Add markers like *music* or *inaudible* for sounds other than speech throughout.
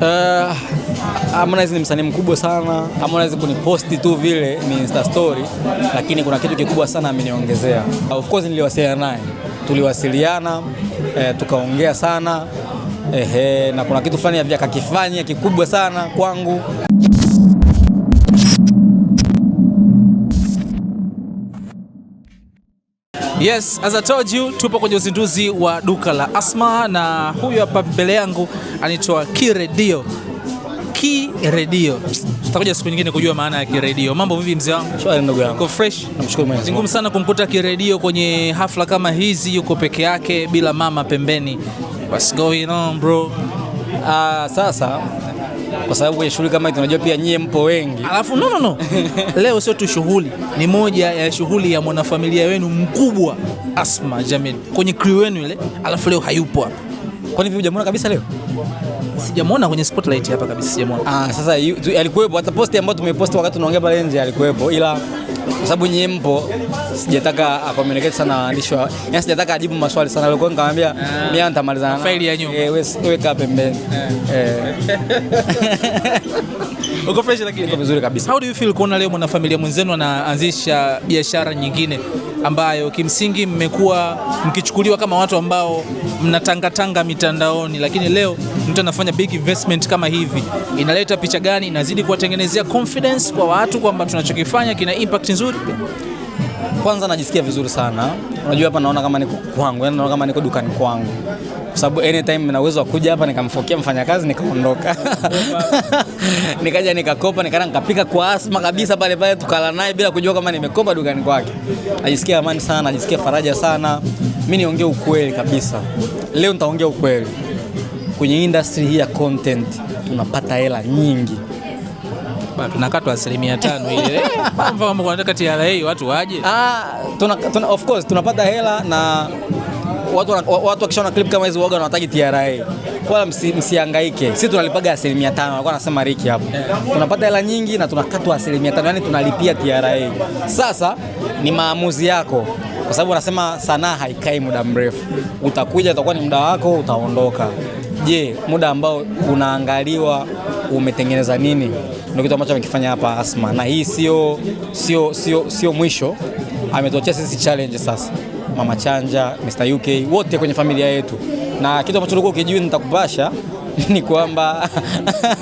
Uh, ni msanii mkubwa sana. Harmonize kuniposti tu vile ni Insta story, lakini kuna kitu kikubwa sana ameniongezea. Uh, of course niliwasiliana naye, tuliwasiliana uh, tukaongea sana uh, eh, na kuna kitu fulani akakifanya kikubwa sana kwangu. Yes, as I told you, tupo kwenye uzinduzi wa duka la Asma na huyu hapa mbele yangu anaitwa Kiredio. Kiredio. Tutakuja siku nyingine kujua maana ya kiredio. Mambo vipi mzee wangu? Shwari ndugu yangu. Uko fresh? Namshukuru Mwenyezi Mungu. Ngumu sana kumkuta kiredio kwenye hafla kama hizi, yuko peke yake bila mama pembeni. What's going on bro? uh, sasa kwa sababu kwenye shughuli kama tunajua pia nyie mpo wengi, alafu no, no, no. *laughs* Leo sio tu shughuli, ni moja ya shughuli ya mwanafamilia wenu mkubwa Asma Jamil kwenye crew wenu ile, alafu leo hayupo hapa. Kwani vipi, hujamwona kabisa leo? Sijamwona kwenye spotlight hapa kabisa, sijamwona. Ah, sasa alikuwepo hata posti ambayo tumeposti wakati tunaongea pale nje, alikuwepo ila kwa sababu nyie mpo, sijataka akomunikate sana waandishi, yani sijataka ajibu maswali sana alikuwa Nikamwambia ah. mimi nitamalizana na faili ya nyuma, eh, wewe weka pembeni. Eh. Eh. *laughs* Uko fresh lakini uko vizuri kabisa. How do you feel kuona leo mwanafamilia mwenzenu anaanzisha biashara nyingine ambayo kimsingi mmekuwa mkichukuliwa kama watu ambao mnatangatanga mitandaoni, lakini leo mtu anafanya big investment kama hivi, inaleta picha gani? Inazidi kuwatengenezea confidence kwa watu kwamba tunachokifanya kina impact nzuri. Kwanza najisikia vizuri sana, unajua hapa naona kama niko kwangu, yani naona kama niko dukani kwangu, kwa sababu anytime na uwezo wa kuja hapa nikamfokia mfanyakazi nikaondoka, *laughs* nikaja nikakopa, nikaenda nikapika kwa asma kabisa pale pale, tukala naye bila kujua kama nimekopa dukani kwake. Najisikia amani sana, najisikia faraja sana. Mimi niongee ukweli kabisa, leo nitaongea ukweli kwenye industry hii ya content tunapata hela nyingi tunakatwa asilimia tano ile eh, TRA watu waje. Ah, tuna, tuna, of course tunapata hela na watu watu wakishaona clip kama hizo waga wanataka TRA, wala msihangaike, msi sisi tunalipaga asilimia tano. Alikuwa anasema Ricky hapo yeah. Tunapata hela nyingi na tunakatwa asilimia tano, yani tunalipia TRA. Sasa ni maamuzi yako, kwa sababu wanasema sanaa haikai muda mrefu. Utakuja utakuwa ni muda wako, utaondoka je, muda ambao unaangaliwa umetengeneza nini? Ndio kitu ambacho amekifanya hapa Asma, na hii sio sio sio sio mwisho. Ametuachia sisi challenge sasa, Mama Chanja, Mr UK, wote kwenye familia yetu, na kitu ambacho ulikuwa ukijui nitakupasha *laughs* ni kwamba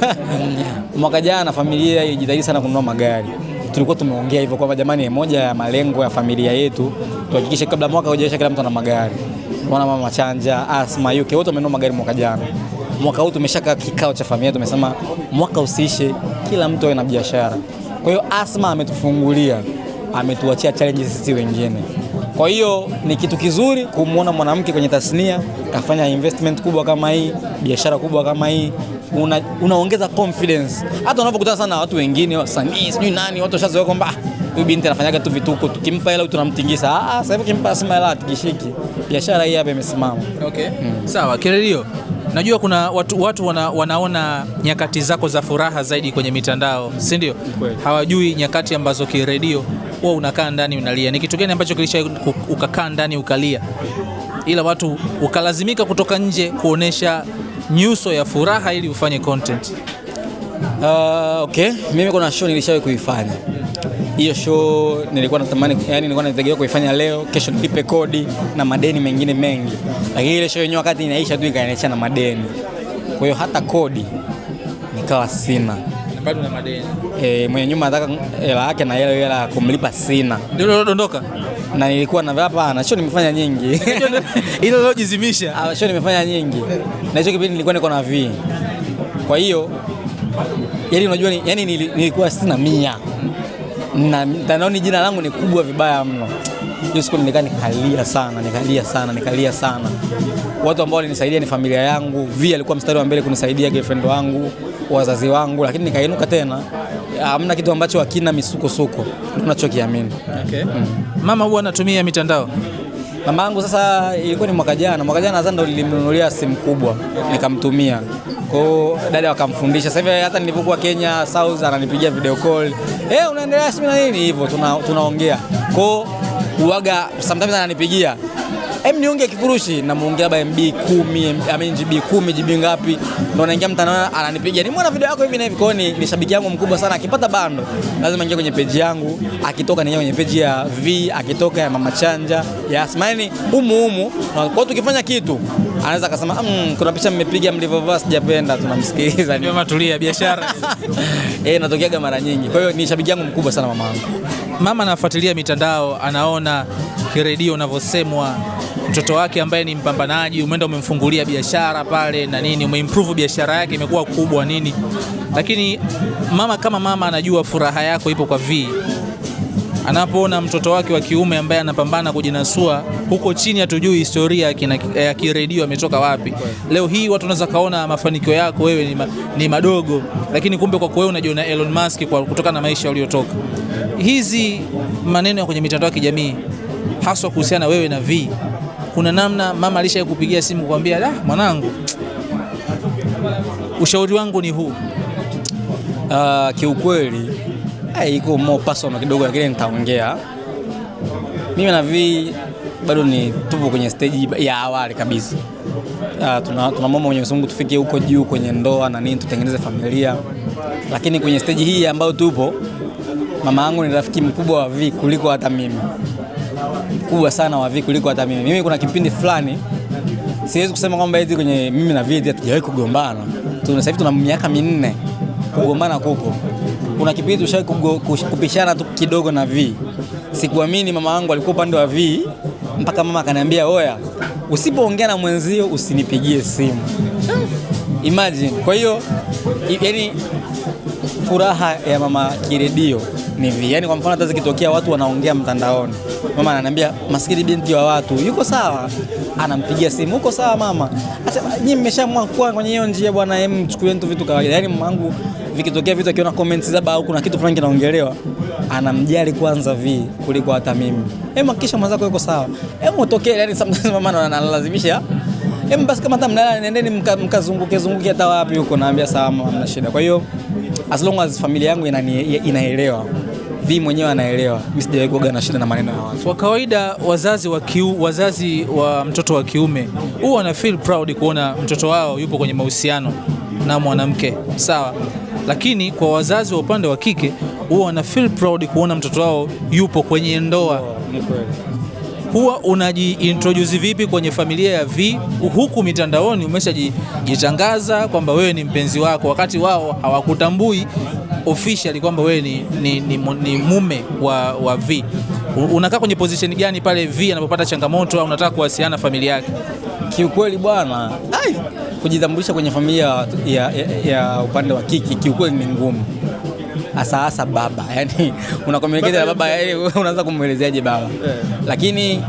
*laughs* mwaka jana familia ilijitahidi sana kununua magari. Tulikuwa tumeongea hivyo kwamba jamani, moja ya malengo ya familia yetu tuhakikishe kabla mwaka hujaisha kila mtu ana magari wana mama chanja, Asma, ah, UK wote wamenunua magari mwaka jana. Mwaka huu tumeshaka kikao cha familia, tumesema mwaka usiishe, kila mtu awe na biashara. Kwa hiyo Asma ametufungulia, ametuachia challenges sisi wengine. Kwa hiyo ni kitu kizuri kumwona mwanamke kwenye tasnia kafanya investment kubwa kama hii, biashara kubwa kama hii, unaongeza una confidence hata unapokutana sana na watu wengine, wasanii sijui nani, watu washazoea kwamba ah, huyu binti anafanyaga tu vituko, tukimpa hela tunamtingiza. Ah, ah, sasa hivi kimpa sima hela atikishiki. Biashara hii hapa imesimama. Okay. Hmm. Sawa, Kirerio. Najua kuna watu, watu wana, wanaona nyakati zako za furaha zaidi kwenye mitandao, si ndio? Hawajui nyakati ambazo Kiredio wewe unakaa ndani unalia. Ni kitu gani ambacho kilisha ukakaa ndani ukalia, ila watu ukalazimika kutoka nje kuonesha nyuso ya furaha ili ufanye content? Uh, okay. Mimi kuna show nilishawahi kuifanya hiyo show nilikuwa natamani, yani nilikuwa natarajia kuifanya leo, kesho nilipe kodi na madeni mengine mengi, lakini ile show yenyewe wakati inaisha tu ikaniacha na madeni, kwa hiyo hata kodi nikawa sina bado na madeni. Eh, mwenye nyuma anataka hela yake na ile hela kumlipa sina. Ndio dondoka. Na nilikuwa na hapa na show nimefanya nyingi. *laughs* Hilo leo jizimisha. Ah, show nimefanya nyingi. Na hicho kipindi nilikuwa niko na vi. Kwa hiyo yani unajua yani nilikuwa sina mia na mtandaoni jina langu ni kubwa vibaya mno. Hiyo siku nilikaa nikalia sana, nikalia sana, nikalia sana. Watu ambao walinisaidia ni familia yangu, Vi alikuwa mstari wa mbele kunisaidia, girlfriend wangu, wazazi wangu, lakini nikainuka tena. Hamna kitu ambacho hakina misukosuko, unachokiamini. Okay. Mm. Mama huwa anatumia mitandao Mama yangu sasa, ilikuwa ni mwaka jana, mwaka jana nadhani ndo nilimnunulia simu kubwa nikamtumia kwao, dada wakamfundisha. Sasa hivi hata nilipokuwa Kenya South ananipigia video call, eh, unaendelea simu na nini hivyo, tunaongea tuna kwao uaga sometimes ananipigia em niongee kifurushi, na namuongea ba MB 10 amini GB 10 GB ngapi, ndo naingia mtandao ni mwana video yako hivi na hivi. Kwa ni shabiki yangu mkubwa sana, akipata bando lazima ingia kwenye peji yangu, akitoka naingia kwenye peji ya V, akitoka ya Mama Chanja ya Asmaini, umu umu. Kwa hiyo tukifanya kitu anaweza akasema mmm, kuna picha mmepiga mlivyovaa sijapenda, tunamsikiliza ni mama tulia biashara *laughs* eh, natokeaga mara nyingi. Kwa hiyo ni shabiki yangu mkubwa sana mama yangu. Mama anafuatilia mitandao, anaona kiredio unavyosemwa mtoto wake ambaye ni mpambanaji, umeenda umemfungulia biashara pale na nini, umeimprove biashara yake imekuwa kubwa nini, lakini mama kama mama anajua furaha yako ipo kwa vii anapoona mtoto wake wa kiume ambaye anapambana kujinasua huko chini, hatujui historia ya kiredio ametoka wapi. Leo hii watu wanaweza kaona mafanikio yako wewe ni, ma, ni madogo, lakini kumbe kwako wewe unajiona Elon Musk kwa kutokana na maisha uliyotoka. Hizi maneno ya kwenye mitandao ya kijamii haswa kuhusiana wewe na V kuna namna mama alisha kupigia simu kuambia, da ah, mwanangu, ushauri wangu ni huu. Uh, kiukweli eh, iko mo personal kidogo, lakini nitaongea mimi na vi bado ni tupo kwenye stage ya awali kabisa. Uh, tuna, tuna mama Mwenyezi Mungu tufike huko juu kwenye ndoa na nini, tutengeneze familia, lakini kwenye stage hii ambayo tupo, mama yangu ni rafiki mkubwa wa V kuliko hata mimi kubwa sana wa Vee kuliko hata mimi. Mimi kuna kipindi fulani siwezi kusema kwamba eti kwenye mimi na Vee hatujawahi kugombana. Sasa hivi tuna miaka minne, kugombana kupo. Kuna kipindi tushawahi kupishana tu kidogo na Vee. Sikuamini mama yangu alikuwa upande wa Vee mpaka mama akaniambia, oya, usipoongea na mwenzio usinipigie simu. Imagine. Kwa hiyo yani furaha ya mama Kiredio ni vi. Yani kwa mfano hata zikitokea watu wanaongea mtandaoni, mama ananiambia maskini binti wa watu yuko sawa, anampigia simu uko sawa mama, acha nyinyi mmeshamwa kwa kwenye hiyo njia bwana, hem mchukulie mtu vitu kawaida. Yani mwangu vikitokea vitu, akiona comments zaba au kuna kitu fulani kinaongelewa, anamjali kwanza vi kuliko hata mimi. Hem hakikisha mwanzako yuko sawa, hem utokee. Yani sometimes mama analazimisha hem, basi kama hata mnalala, nendeni mkazunguke zunguke hata wapi huko, naambia sawa, hamna shida. Kwa hiyo as long as familia yangu inaelewa vi mwenyewe anaelewa, mimi sijawahi na shida na maneno ya watu. Kwa kawaida wazazi wa kiu, wazazi wa mtoto wa kiume huwa wana feel proud kuona mtoto wao yupo kwenye mahusiano na mwanamke sawa, lakini kwa wazazi wa upande wa kike huwa wana feel proud kuona mtoto wao yupo kwenye ndoa huwa unajiintroduce vipi kwenye familia ya V huku mitandaoni umeshajitangaza kwamba wewe ni mpenzi wako, wakati wao hawakutambui officially kwamba wewe ni, ni, ni, ni mume wa, wa V. Unakaa kwenye position gani pale V anapopata changamoto au unataka kuwasiliana familia yake? Kiukweli bwana, kujitambulisha kwenye familia ya, ya, ya upande wa kiki kiukweli ni ngumu hasa hasa baba, yani unakomunikeza na baba, yani unaanza kumwelezeaje baba? Lakini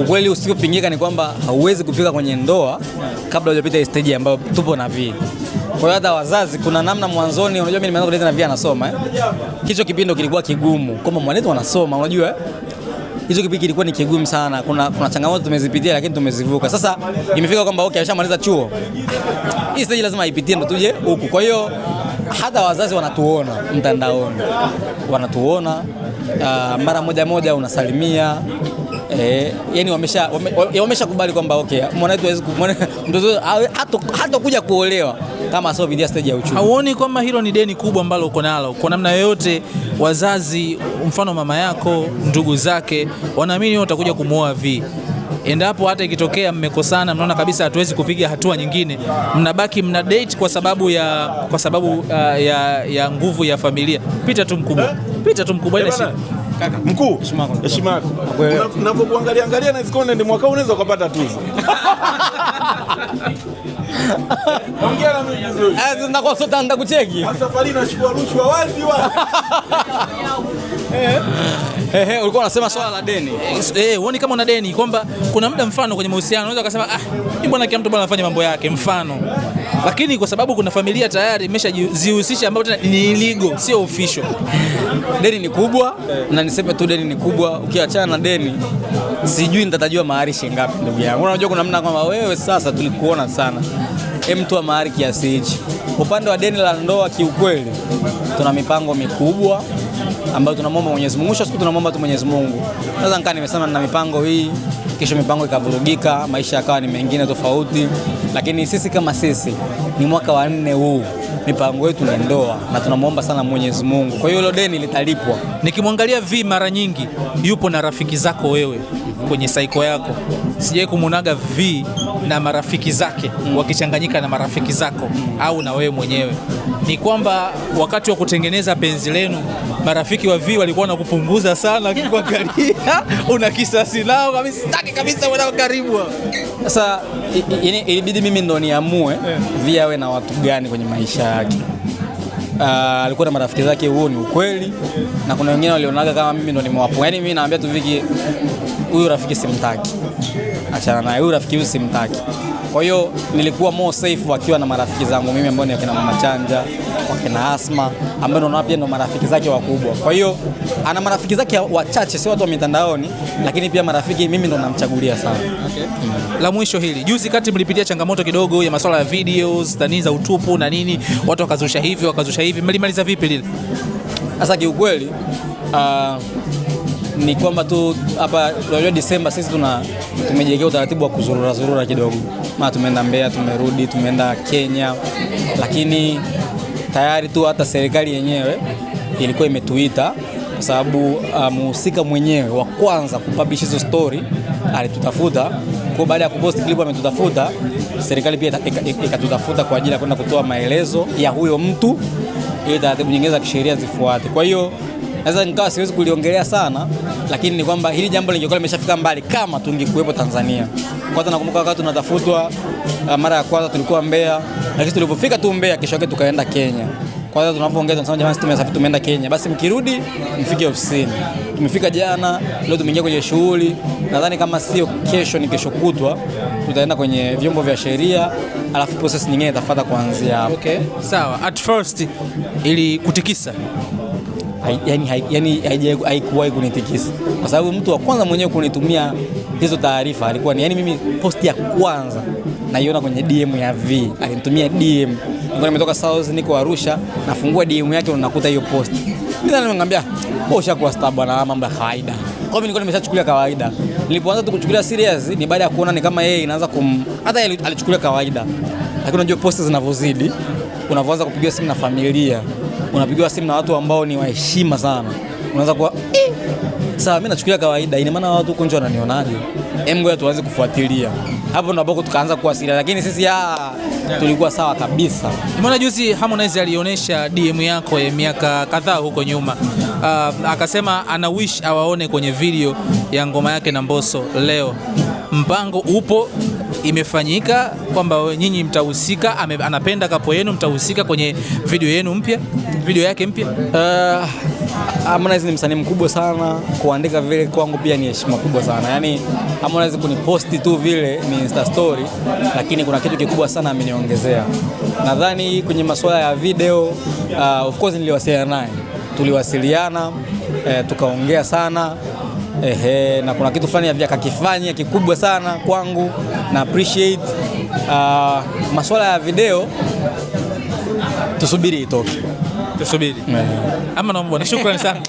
ukweli usiopingika ni kwamba hauwezi kufika kwenye ndoa kabla hujapita stage ambayo tupo na vile. Kwa hiyo hata wazazi, kuna namna mwanzoni, unajua mimi nimeanza kuleta na vile anasoma eh. kicho kipindo kilikuwa kigumu kama mwanetu anasoma, unajua eh? hicho kipindi kilikuwa ni kigumu sana. Kuna, kuna changamoto tumezipitia, lakini tumezivuka. Sasa imefika kwamba okay, ashamaliza chuo, hii stage lazima ipitie ndo tuje huku. Kwa hiyo hata wazazi wanatuona mtandaoni, wanatuona uh, mara moja moja unasalimia eh, yani wamesha wame, kubali kwamba okay, mwanatu hawezi mtoto hata kuja kuolewa kama sio stage ya uchumi. Hauoni kwamba hilo ni deni kubwa ambalo uko nalo kwa namna yoyote? Wazazi, mfano mama yako, ndugu zake, wanaamini watakuja kumwoa vi endapo hata ikitokea mmekosana, mnaona kabisa hatuwezi kupiga hatua nyingine, mnabaki mna date kwa sababu ya, kwa sababu uh, ya, ya nguvu ya familia. Pita tu mkubwa, eh? pita tu mkubwa ile eh, shida mkuu heshima yako unapokuangalia angalia na sikone ni mwaka unaweza kupata tuzo. *laughs* Ongea na mimi vizuri. Eh, Nitakucheki. Safari nashukua rushwa wazi wazi. *laughs* eh, ulikuwa unasema swala la deni. Eh, uone kama una deni kwamba kuna muda mfano kwenye mahusiano unaweza kusema ah, mbona kila mtu bwana anafanya mambo yake mfano. Lakini kwa sababu kuna familia tayari imeshajihusisha ambayo tena ni illegal, sio official. Deni ni kubwa eh. na niseme tu deni ni kubwa. Ukiachana na deni sijui nitatajua mahari shingapi ndugu yangu. Unajua kuna mna kwamba wewe sasa tulikuona sana. Mtu wa mahari kiasi hichi. Upande wa deni la ndoa kiukweli tuna mipango mikubwa ambayo tunamwomba Mwenyezi Mungu. Mwisho siku tunamwomba tu Mwenyezi Mungu. Naweza nikaa nimesema na mipango hii, kisha mipango ikavurugika, maisha yakawa ni mengine tofauti, lakini sisi kama sisi ni mwaka wa nne huu mipango yetu ni ndoa na tunamwomba sana Mwenyezi Mungu. Kwa hiyo hilo deni litalipwa. Nikimwangalia vi mara nyingi yupo na rafiki zako wewe kwenye saiko yako, sijai kumunaga vi na marafiki zake mm. wakichanganyika na marafiki zako mm. au na wewe mwenyewe, ni kwamba wakati wa kutengeneza penzi lenu marafiki wa V walikuwa wanakupunguza sana kuangalia *laughs* una kisasi nao kabisa, sitaki kabisa wewe karibu. Sasa ilibidi mimi ndo niamue yeah. V awe na watu gani kwenye maisha yake. Uh, alikuwa na marafiki zake, huo ni ukweli, na kuna wengine walionaga kama mimi ndo nimewapo. Yaani mimi naambia tu Viki, huyu rafiki simtaki, achana naye, huyu rafiki huyu simtaki. Kwa hiyo nilikuwa more safe wakiwa na marafiki zangu mimi ambao ni akina Mama Chanja kwa kina Asma ambaye naona pia ndo marafiki zake wakubwa. Kwa hiyo ana marafiki zake wachache, sio watu wa mitandaoni, lakini pia marafiki mimi ndo namchagulia sana. Okay. Mm. La mwisho hili, juzi kati mlipitia changamoto kidogo ya masuala ya videos, tanii za utupu na nini, watu wakazusha hivi wakazusha hivi, mlimaliza vipi lile? Sasa kiukweli uh, ni kwamba tu hapa unajua, Disemba sisi tuna tumejiwekea utaratibu wa kuzurura zurura kidogo, maana tumeenda Mbeya, tumerudi, tumeenda Kenya, lakini tayari tu hata serikali yenyewe ilikuwa imetuita kwa sababu ah, mhusika um, mwenyewe wa kwanza kupublish hizo story alitutafuta. Kwa baada ya kupost clip ametutafuta, serikali pia ikatutafuta kwa ajili ya kwenda kutoa maelezo ya huyo mtu ili taratibu nyingine za kisheria zifuate. Kwa hiyo naweza nikawa siwezi kuliongelea sana, lakini ni kwamba hili jambo lingekuwa limeshafika mbali kama tungekuwepo Tanzania. Kwanza nakumbuka wakati tunatafutwa ah, mara ya kwanza tulikuwa Mbeya lakini sisi tulivyofika tu Mbeya, kesho yake tukaenda Kenya. Kwa hiyo tunapoongeza tunasema jamani, sisi tumesafiri tumeenda Kenya, basi mkirudi mfike ofisini. Tumefika jana, leo tumeingia kwenye shughuli. Nadhani kama sio kesho, ni kesho kutwa tutaenda kwenye vyombo vya sheria, alafu process nyingine itafuata kuanzia hapo. Okay, sawa. At first ili kutikisa yani haikuwahi kunitikisa kwa sababu mtu wa kwanza mwenyewe kunitumia hizo taarifa alikuwa ni yani, mimi posti ya kwanza naiona kwenye DM ya V, alinitumia DM Ngoja nimetoka South, niko Arusha, nafungua DM yake unakuta hiyo post. Mimi nimemwambia wewe ushakuwa star bwana, mambo ya kawaida. Kwa hiyo nilikuwa nimeshachukulia kawaida. Nilipoanza tu kuchukulia serious ni baada ya kuona ni kama yeye inaanza kum, hata yeye alichukulia kawaida, lakini unajua post zinavyozidi, unavyoanza kupigiwa simu na familia, unapigiwa simu na watu ambao ni waheshima sana, unaanza kuwa eh, Sawa, mimi nachukulia kawaida. Ina maana watu huko nje wananionaje? Hebu ngoja tuanze kufuatilia hapo, ndo ambako tukaanza kuwasiliana, lakini sisi ah, ya, tulikuwa sawa kabisa. Nimeona juzi Harmonize alionyesha DM yako ya miaka kadhaa huko nyuma, uh, akasema ana wish awaone kwenye video ya ngoma yake na Mbosso leo. Mpango upo imefanyika kwamba nyinyi mtahusika, anapenda kapo yenu, mtahusika kwenye video yenu mpya, video yake mpya. Uh, Harmonize ni msanii mkubwa sana, kuandika vile kwangu pia ni heshima kubwa sana. Yaani Harmonize kuniposti tu vile ni Insta story, lakini kuna kitu kikubwa sana ameniongezea. Nadhani kwenye masuala ya video, uh, of course niliwasiliana naye, tuliwasiliana eh, tukaongea sana Ehe, na kuna kitu fulani akakifanya kikubwa sana kwangu na appreciate. Uh, masuala ya video tusubiri itoke. Tusubiri. Ama naomba bwana, shukrani sana.